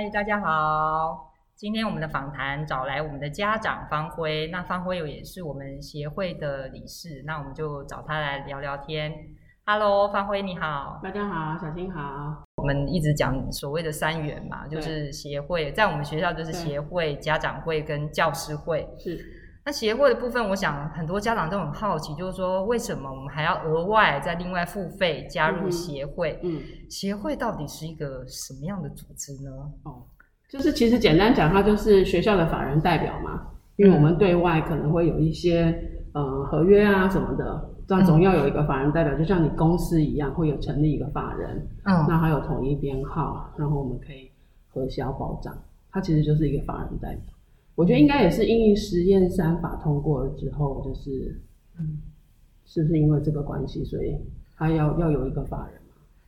嗨，hey, 大家好。今天我們的訪談找來我們的家長芳暉，那芳暉有也是我們協會的理事，那我們就找他來聊聊天。Hello，芳暉你好。大家好，小心好。我們一直講所謂的三元嘛，就是協會，對在我們學校就是協會對家長會跟教師會。是。那協會的部分，我想很多家長都很好奇，就是說，為什麼我們還要額外再另外付費加入協會？嗯，嗯，協會到底是一個什麼樣的組織呢？哦，就是其實簡單講，它就是學校的法人代表嘛。因為我們對外可能會有一些、嗯、呃合約啊什麼的，但總要有一個法人代表，就像你公司一樣，會有成立一個法人。嗯，那還有統一編號，然後我們可以核銷保障。它其實就是一個法人代表。我覺得應該也是因為實驗三法通過了之後，就是，是不是因為這個關係，所以他要要有一個法人？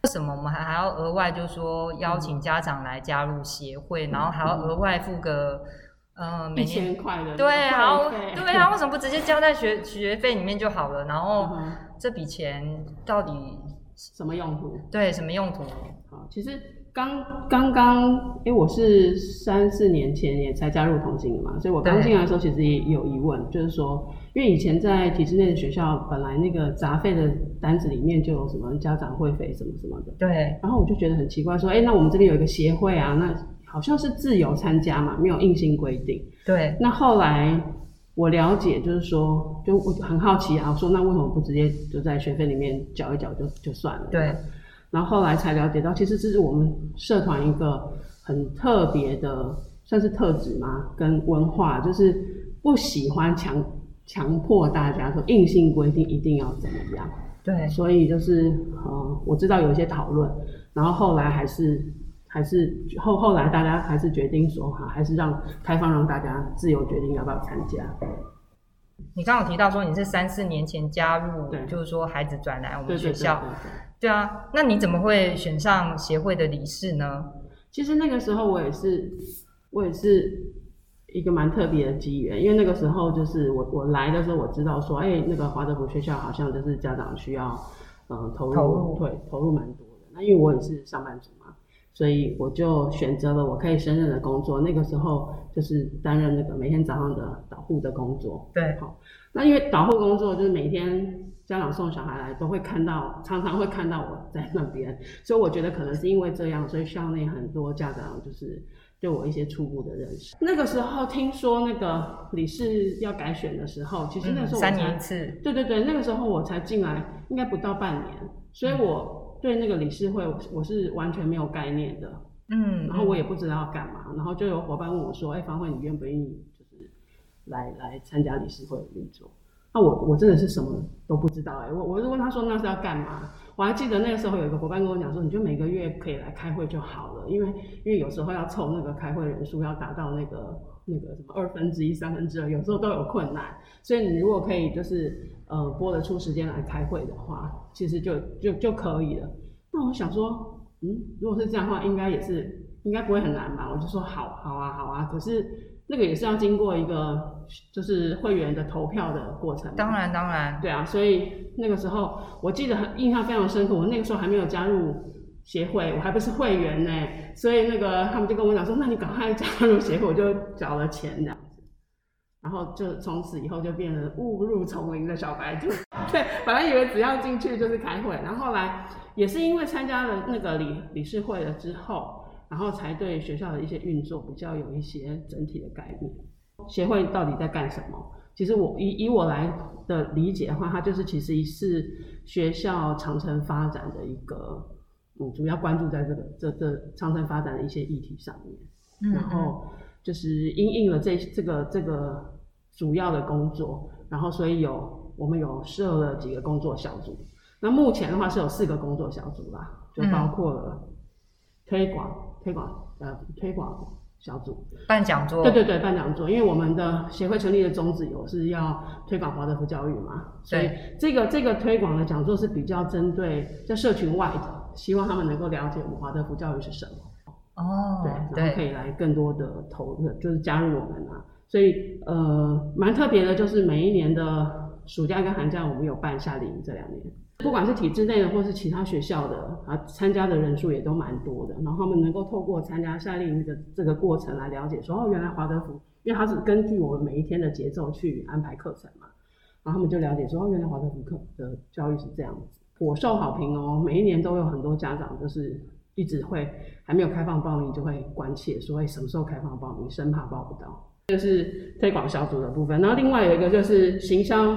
為什麼我們還還要額外就是說邀請家長來加入協會，嗯、然後還要額外付個，嗯、呃，每年一千塊的對，好、嗯，對他為什麼不直接交在學學費裡面就好了？然後這筆錢到底什麼用途？對，什麼用途？好，其實。剛剛剛，誒，我是三四年前也才加入同心的嘛，所以我剛進來的時候，其實也，對也有疑問，就是說，因為以前在體制內的學校，本來那個雜費的單子裡面就有什麼家長會費什麼什麼的，對。然後我就覺得很奇怪，說，哎，那我們這邊有一個協會啊，那好像是自由參加嘛，沒有硬性規定，對。那後來我了解，就是說，就我很好奇啊，我說那為什麼不直接就在學費裡面繳一繳就就算了？對。然後後來才了解到，其實這是我們社團一個很特別的，算是特質嗎，跟文化，就是不喜歡強強迫大家說硬性規定一定要怎麼樣。對。所以就是，呃、嗯，我知道有一些討論，然後後來還是還是後後來大家還是決定說，哈，還是讓開放讓大家自由決定要不要參加。你剛剛有提到說你是三四年前加入，對就是說孩子轉來我們學校，對啊，那你怎麼會選上協會的理事呢？其實那個時候我也是，我也是一個蠻特別的機緣，因為那個時候就是我我來的時候我知道說，哎，那個華德福學校好像就是家長需要嗯、呃、投入，投入對，投入蠻多的，那因為我也是上班族。所以我就選擇了我可以勝任的工作。那個時候就是擔任那個每天早上的導護的工作。對。好，那因為導護工作就是每天家長送小孩來都會看到，常常會看到我在那邊，所以我覺得可能是因為這樣，所以校內很多家長就是對我一些初步的認識。那個時候聽說那個理事要改選的時候，其實那時候我才、嗯、三年一次。對對對，那個時候我才進來，應該不到半年，所以我。對，那個理事會，我是完全沒有概念的，嗯，然後我也不知道要幹嘛，嗯、然後就有夥伴問我說：“哎，芳暉，你願不願意就是來來參加理事會的運作？”那、啊、我我真的是什麼都不知道、欸，哎，我我就問他說：“那是要幹嘛？”我還記得那個時候有一個夥伴跟我講說，你就每個月可以來開會就好了，因為因為有時候要湊那個開會人數要達到那個那個什麼二分之一、三分之二，2, 有時候都有困難。所以你如果可以就是呃撥得出時間來開會的話，其實就就就，就可以了。那我想說，嗯，如果是這樣的話，應該也是應該不會很難吧？我就說好，好啊，好啊。可是那個也是要經過一個。就是會員的投票的過程。當然，當然。對啊，所以那個時候我記得很印象非常深刻。我那個時候還沒有加入協會，我還不是會員呢。所以那個他們就跟我講說：“那你趕快加入協會。”我就繳了錢這樣子，然後就從此以後就變成誤入叢林的小白兔。對，本來以為只要進去就是開會，然後後來也是因為參加了那個理理事會了之後，然後才對學校的一些運作比較有一些整體的概念。協會到底在幹什麼？其實我以以我來的理解的話，它就是其實是學校長程發展的一個，嗯，主要關注在這個這這長程發展的一些議題上面。嗯嗯。然後就是因應了這這個這個主要的工作，然後所以有我們有設了幾個工作小組。那目前的話是有四個工作小組啦，就包括了、嗯、推廣推廣呃推廣。小組辦講座，對對對，辦講座，因為我們的協會成立的宗旨有是要推廣華德福教育嘛，對所以這個這個推廣的講座是比較針對在社群外的，希望他們能夠了解我們華德福教育是什麼，哦，對，然後可以來更多的投入，對就是加入我們啊。所以呃，蠻特別的，就是每一年的暑假跟寒假，我們有辦夏令營，這兩年不管是體制內的或是其他學校的。啊，參加的人數也都蠻多的。然後他們能夠透過參加夏令營的這個過程來了解說，說哦，原來華德福，因為他是根據我們每一天的節奏去安排課程嘛。然後他們就了解說，哦，原來華德福課的教育是這樣子，頗受好評哦。每一年都有很多家長就是一直會還沒有開放報名就會關切，說哎，什麼時候開放報名？生怕報不到。這是推廣小組的部分。然後另外有一個就是行銷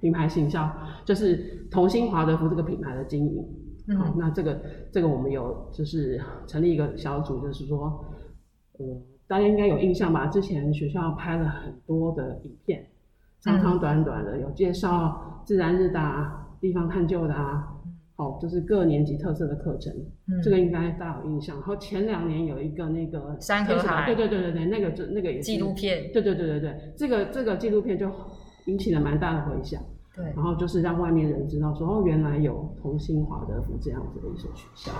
品牌行銷，就是同心華德福這個品牌的經營。好、嗯哦，那這個這個我們有，就是成立一個小組，就是說，呃，大家應該有印象吧？之前學校拍了很多的影片，長長短短的，有介紹自然日大、啊，地方探究的啊，好、哦，就是各年級特色的課程，嗯、這個應該大有印象。然後前兩年有一個那個，三河台，對對對對對，那個就那個也是紀錄片，對對對對對，這個這個紀錄片就引起了蠻大的回響。對，然後就是讓外面人知道說，哦，原來有同心華德福這樣子的一些學校，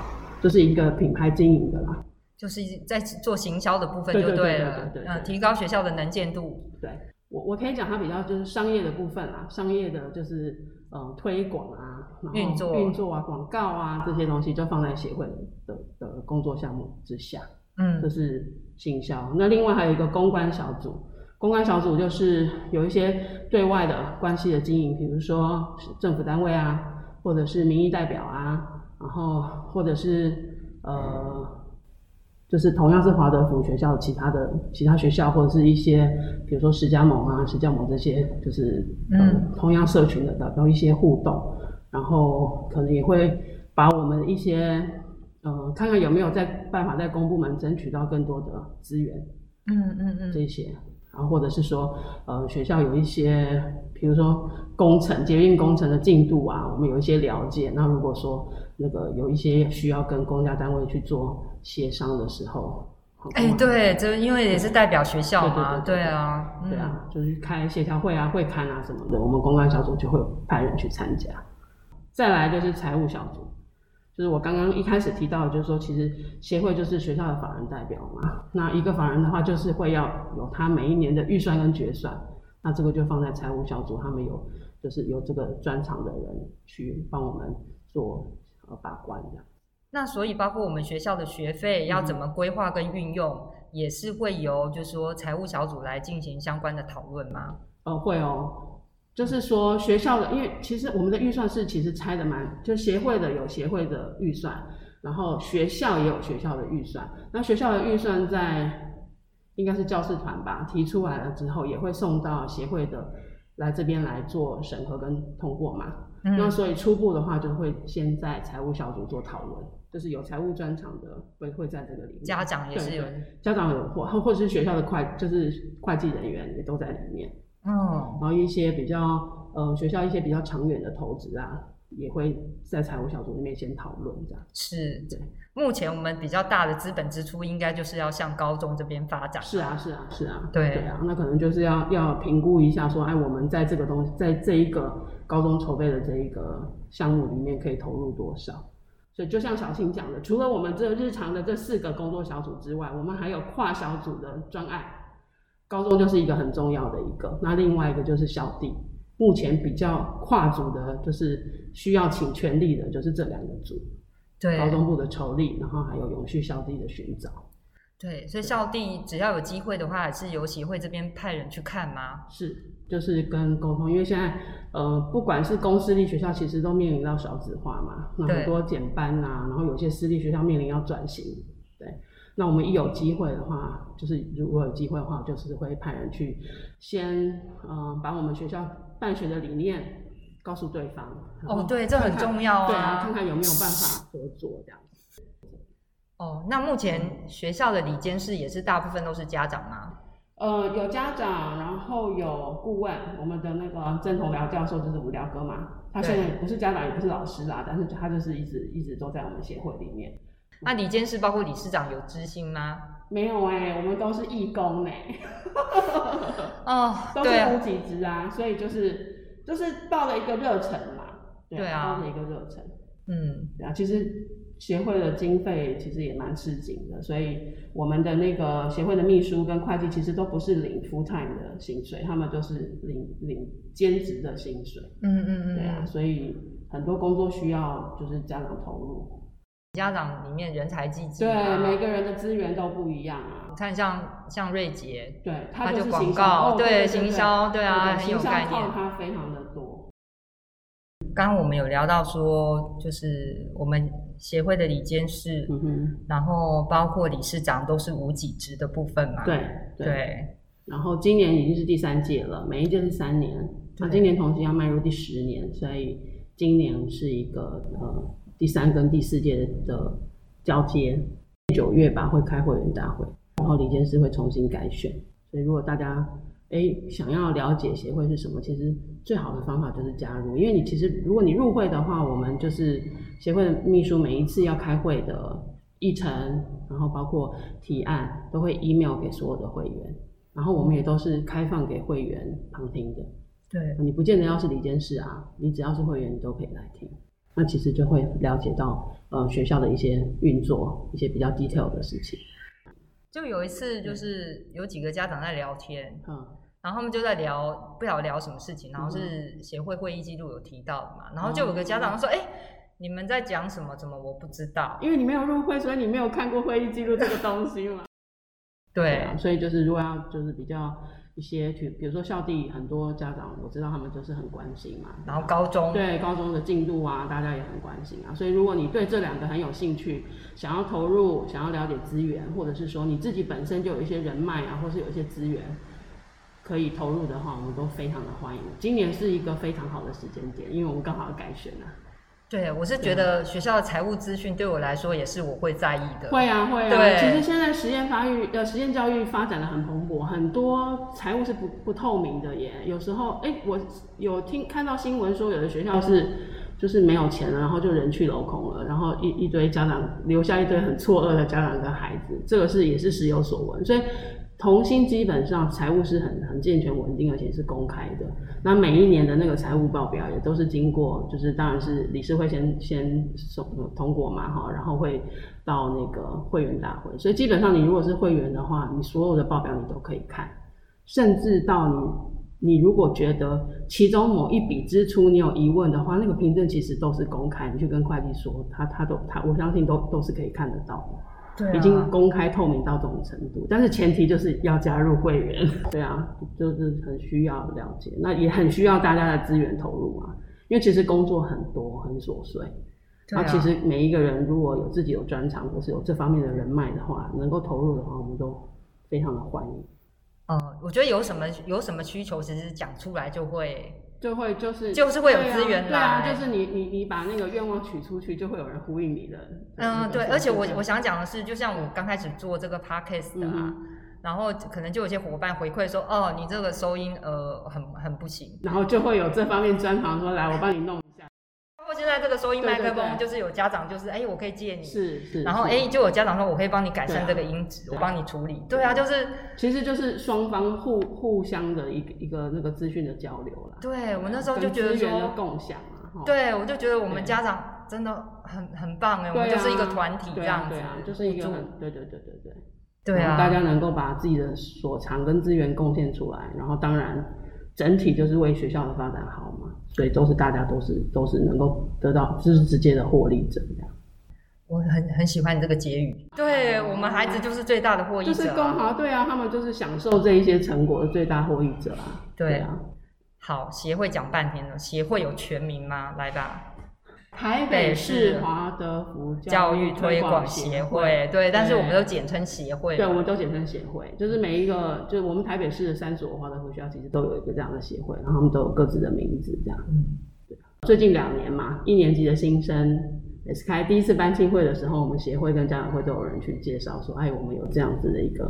就是一個品牌經營的啦，就是在做行銷的部分就對了，呃，提高學校的能見度。對，我我可以講它比較就是商業的部分啦，啊，商業的就是呃推廣啊，運作運作啊，廣告啊這些東西就放在協會的的工作項目之下，嗯，這是行銷。那另外還有一個公關小組。嗯公關小組就是有一些對外的關係的經營，比如說政府單位啊，或者是民意代表啊，然後或者是呃，就是同樣是華德福學校，其他的其他學校或者是一些，比如說石家某啊、石家某這些，就是嗯、呃，同樣社群的，的，都一些互動，然後可能也會把我們一些呃，看看有沒有在辦法在公部門爭取到更多的資源，嗯嗯嗯，這些。啊，或者是說，呃，學校有一些，比如說工程、捷運工程的進度啊，我們有一些了解。那如果說那個有一些需要跟公家單位去做協商的時候，哎、欸，嗯、對，就因為也是代表學校嘛，對，對，對，對，對啊，對啊，對啊嗯、就是開協調會啊、會勘啊什麼的，我們公關小組就會派人去參加。再來就是財務小組。就是我剛剛一開始提到，就是說，其實協會就是學校的法人代表嘛。那一個法人的話，就是會要有他每一年的預算跟決算。那這個就放在財務小組，他們有，就是有這個專長的人去幫我們做呃把關的。那所以，包括我們學校的學費要怎麼規劃跟運用，嗯、也是會由就是說財務小組來進行相關的討論嗎？呃、哦，會哦。就是說，學校的，因為其實我們的預算是其實拆的蠻，就協會的有協會的預算，然後學校也有學校的預算。那學校的預算在應該是教師團吧，提出來了之後也會送到協會的來這邊來做審核跟通過嘛。嗯、那所以初步的話，就會先在財務小組做討論，就是有財務專長的會會在這個裡面。家長也是有，家長或或者是學校的會就是會計人員也都在裡面。嗯，然後一些比較呃學校一些比較長遠的投資啊，也會在財務小組裡面先討論這樣。是，對，目前我們比較大的資本支出，應該就是要向高中這邊發展。是啊，是啊，是啊。對，對啊，那可能就是要要評估一下說，哎，我們在這個東西，在這一個高中籌備的這一個項目裡面，可以投入多少？所以就像小青講的，除了我們這日常的這四個工作小組之外，我們還有跨小組的專案。高中就是一個很重要的一個，那另外一個就是校地，目前比較跨組的，就是需要請全力的，就是這兩個組，對高中部的籌力，然後還有永續校地的尋找，對，所以校地只要有機會的話，對還是由協會這邊派人去看嗎？是，就是跟溝通，因為現在呃，不管是公私立學校，其實都面臨到少子化嘛，那很多減班啊，對然後有些私立學校面臨要轉型，對。那我們一有機會的話，就是如果有機會的話，就是會派人去先嗯、呃，把我們學校辦學的理念告訴對方。哦，對，這很重要哦、啊。對啊，看看有沒有辦法合作這樣子。哦，那目前學校的理監事也是大部分都是家長嗎？呃，有家長，然後有顧問。我們的那個鄭同僚教授就是無聊哥嘛，他現在不是家長，也不是老師啦、啊，對但是他就是一直一直都在我們協會裡面。那理監事包括理事長有支薪嗎、嗯？沒有哎、欸，我們都是義工哎、欸。哦 ，oh, 都是兼職啊，啊所以就是就是抱了一個熱忱嘛。對，對啊，抱了一個熱忱。嗯，對啊，其實協會的經費其實也蠻吃緊的，所以我們的那個協會的秘書跟會計其實都不是領 full time 的薪水，他們都是領領兼職的薪水。嗯嗯嗯。對啊，所以很多工作需要就是家長投入。家長裡面人才濟濟，對每個人的資源都不一樣啊。你看像像瑞杰，對，他就廣告，對，行銷，對啊，很有概念。行銷靠他非常的多。剛剛我們有聊到說，就是我們協會的理監事，然後包括理事長都是無給職的部分嘛。對對。然後今年已經是第三屆了，每一屆是三年，那今年同時要邁入第十年，所以今年是一個呃，第三跟第四屆的交接，九月吧會開會員大會，然後理監事會重新改選。所以如果大家誒想要了解協會是什麼，其實最好的方法就是加入，因為你其實如果你入會的話，我們就是協會的秘書每一次要開會的議程，然後包括提案都會 email 給所有的會員，然後我們也都是開放給會員旁聽的。對，你不見得要是理監事啊，你只要是會員，你都可以來聽。那其實就會了解到，呃，學校的一些運作，一些比較 detail 的事情。就有一次，就是有幾個家長在聊天，嗯，然後他們就在聊，不曉得聊什麼事情，然後是協會會議記錄有提到的嘛，嗯、然後就有個家長說，哎、嗯欸，你們在講什麼？怎麼我不知道？因為你沒有入會，所以你沒有看過會議記錄這個東西嘛。 對,對、啊、所以就是如果要就是比較。一些去，比如說校地，很多家長我知道他們就是很關心嘛，然後高中對高中的進度啊，大家也很關心啊，所以如果你對這兩個很有興趣，想要投入，想要了解資源，或者是說你自己本身就有一些人脈啊，或是有一些資源可以投入的話，我們都非常的歡迎。今年是一個非常好的時間點，因為我們剛好要改選了。對，我是覺得學校的財務資訊對我來說也是我會在意的。對會啊，會啊。對，其實現在實驗發育呃實驗教育發展得很蓬勃，很多財務是不不透明的耶。有時候，哎，我有聽看到新聞說，有的學校是就是沒有錢了，然後就人去樓空了，然後一一堆家長留下一堆很錯愕的家長跟孩子，這個是也是時有所聞，所以。同心基本上財務是很很健全穩定，而且是公開的。那每一年的那個財務報表也都是經過，就是當然是理事會先先通過嘛，哈，然後會到那個會員大會。所以基本上你如果是會員的話，你所有的報表你都可以看。甚至到你，你如果覺得其中某一筆支出你有疑問的話，那個憑證其實都是公開，你去跟會計說，他他都他，我相信都都是可以看得到的。對啊、已經公開透明到這種程度，但是前提就是要加入會員。對啊，就是很需要了解，那也很需要大家的資源投入啊。因為其實工作很多，很瑣碎。那、對啊、其實每一個人如果有自己有專長，或是有這方面的人脈的話，能夠投入的話，我們都非常的歡迎。嗯，我覺得有什麼有什麼需求，其實講出來就會。就會就是就是會有資源的、啊，對啊，就是你你你把那個願望取出去，就會有人呼應你的。嗯，對，而且我我想講的是，就像我剛開始做這個 podcast 的啊、嗯、哼然後可能就有些夥伴回饋說，哦，你這個收音呃很很不行，然後就會有這方面專長說對來我幫你弄一下。現在這個收音麥克風就是有家長就是哎，我可以借你，是是。然後哎，就有家長說，我可以幫你改善這個音質，我幫你處理。對啊，就是其實就是雙方互互相的一個一個那個資訊的交流啦。對我那時候就覺得說共享啊，哈。對我就覺得我們家長真的很很棒哎，我們就是一個團體這樣子，就是一個很對對對對對。對啊，大家能夠把自己的所長跟資源貢獻出來，然後當然。整體就是為學校的發展好嘛，所以都是大家都是都是能夠得到就是直接的獲利者這樣。我很很喜歡這個結語。對、哦、我們孩子就是最大的獲益者。就是公好對啊，他們就是享受這一些成果的最大獲益者啊。對啊。對好，協會講半天了，協會有全名嗎？來吧。台北市華德福教育推廣協會，對，但是我們都簡稱協會。對，我們都簡稱協會，就是每一個，就是我們台北市的三所華德福學校，其實都有一個這樣的協會，然後他們都有各自的名字，這樣。嗯。最近兩年嘛，一年級的新生也是開第一次班慶會的時候，我們協會跟家長會都有人去介紹說，哎，我們有這樣子的一個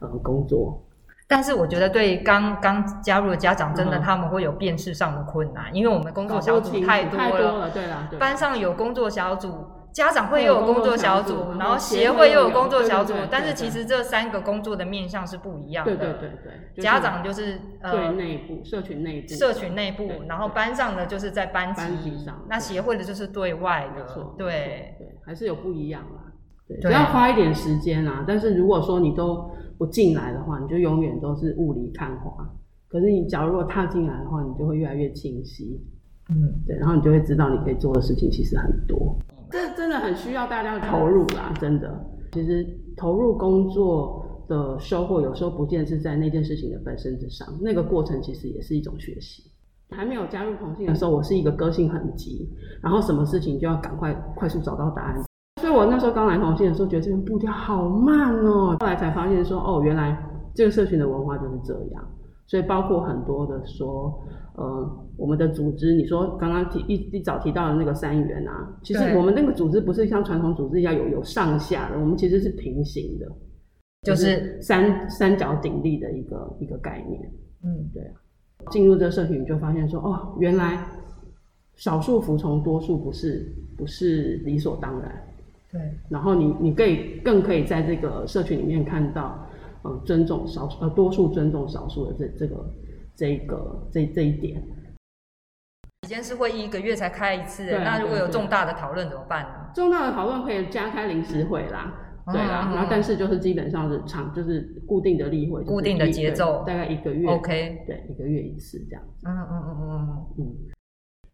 呃、嗯、工作。但是我覺得，對剛剛加入的家長，真的他們會有辨識上的困難，因為我們工作小組太多了，班上有工作小組，家長會又有工作小組，然後協會又有工作小組，但是其實這三個工作的面向是不一樣的。對對對對，家長就是呃內部社群內部社群內部，然後班上的就是在班級，那協會的就是對外的，對，還是有不一樣對，只要花一點時間啊，啊但是如果說你都不進來的話，你就永遠都是霧裡看花。可是你假如如果踏進來的話，你就會越來越清晰。嗯，對，然後你就會知道你可以做的事情其實很多。嗯、這真的很需要大家的投入啦、啊，真的。其實投入工作的收穫，有時候不見得是在那件事情的本身之上，那個過程其實也是一種學習。還沒有加入同心的時候，我是一個個性很急，然後什麼事情就要趕快快速找到答案。所以我那時候剛來同心的時候，覺得這邊步調好慢哦。後來才發現說，哦，原來這個社群的文化就是這樣。所以包括很多的說，呃，我們的組織，你說剛剛提一一早提到的那個三元啊，其實我們那個組織不是像傳統組織一樣有有上下的，我們其實是平行的，就是三三角鼎立的一個一個概念。嗯，對啊。進入這個社群你就發現說，哦，原來少數服從多數不是不是理所當然。對，然後你你可以更可以在這個社群裡面看到，嗯、呃，尊重少數呃多數尊重少數的這這個這一個這這一點。時間是會一個月才開一次，對那如果有重大的討論怎麼辦呢？對對？重大的討論可以加開臨時會啦，嗯、對啦，嗯、然後但是就是基本上是常就是固定的例會，就是、固定的節奏，大概一個月。OK，對，一個月一次這樣子。嗯嗯嗯嗯嗯。嗯嗯嗯嗯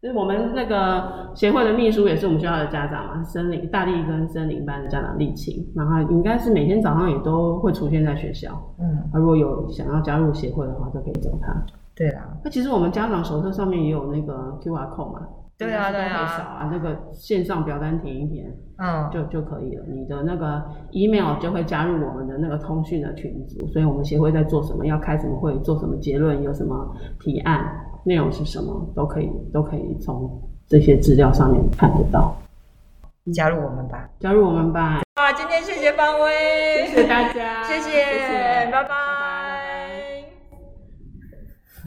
就是我們那個協會的秘書也是我們學校的家長嘛、啊，森林大力跟森林班的家長麗晴，然後應該是每天早上也都會出現在學校，嗯，他、啊、如果有想要加入協會的話，就可以找他。對啊，那其實我們家長手冊上面也有那個 QR code 嘛？對啊，都可以、啊、掃啊，那個線上表單填一填，嗯，就就可以了。你的那個 email、嗯、就會加入我們的那個通訊的群組，所以我們協會在做什麼，要開什麼會，做什麼結論，有什麼提案。內容是什麼都可以，都可以從這些資料上面看得到。你加入我們吧！加入我們吧！啊，今天謝謝芳暉，謝謝大家，謝謝，謝謝拜拜。拜拜。